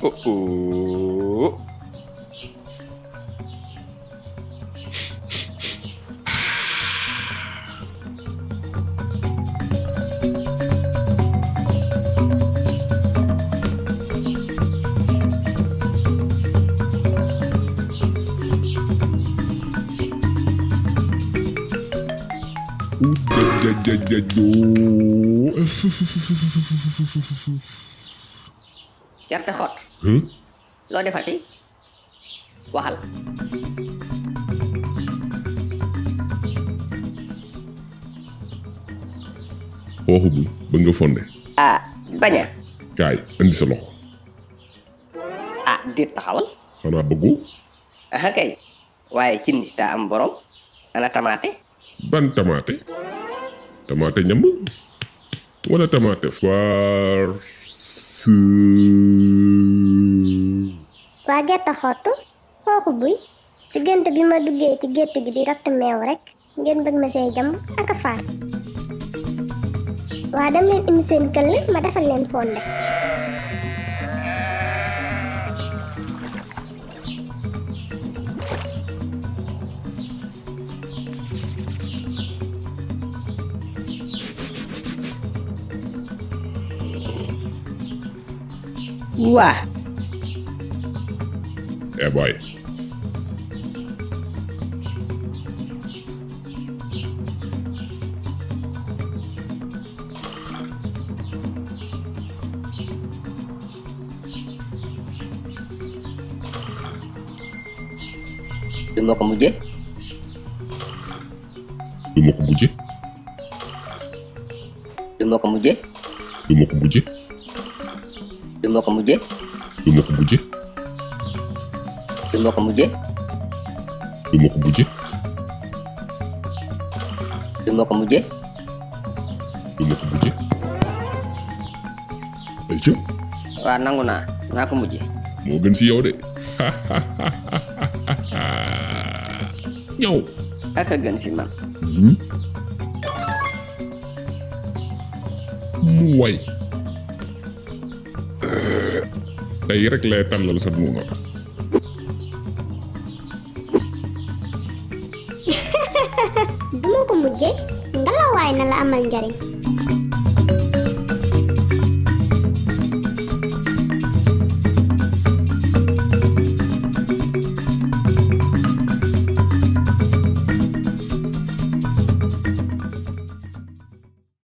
어, 어. Udah jajan jajan Kerta hot. Huh? Lo ada fati? Wahal. Oh, bu, bengkel deh. Ah, banyak. Kai, endi selo. Ah, di tahun? Karena begu. Ah, kai. Wah, cinta am borong. Anak tamate ban tamaate tamaate ñamb wala tamaate farce waa gerte xottu xoxu buy ci gént bi ma duggé ci gétt bi di rat mew rek ngeen bëgg ma sey jamb ak fars wa waa leen indi seen ma defal leen fonde Voar. É, boy. Tomou como dia? Tomou como dia? Tomou como dia? Tomou como dia? Dumo kemuje? Dumo kemuje? Dumo kemuje? Dumo kemuje? Dumo kemuje? Dumo kemuje? Ayo. Wana nguna, na kemuje. Mungkin sih ode. Yo. Aku gensi mak. Hmm. Muai. Mm -hmm. Daerah kelihatan lalu semua. Dumu ko mujje ngalawaay na amal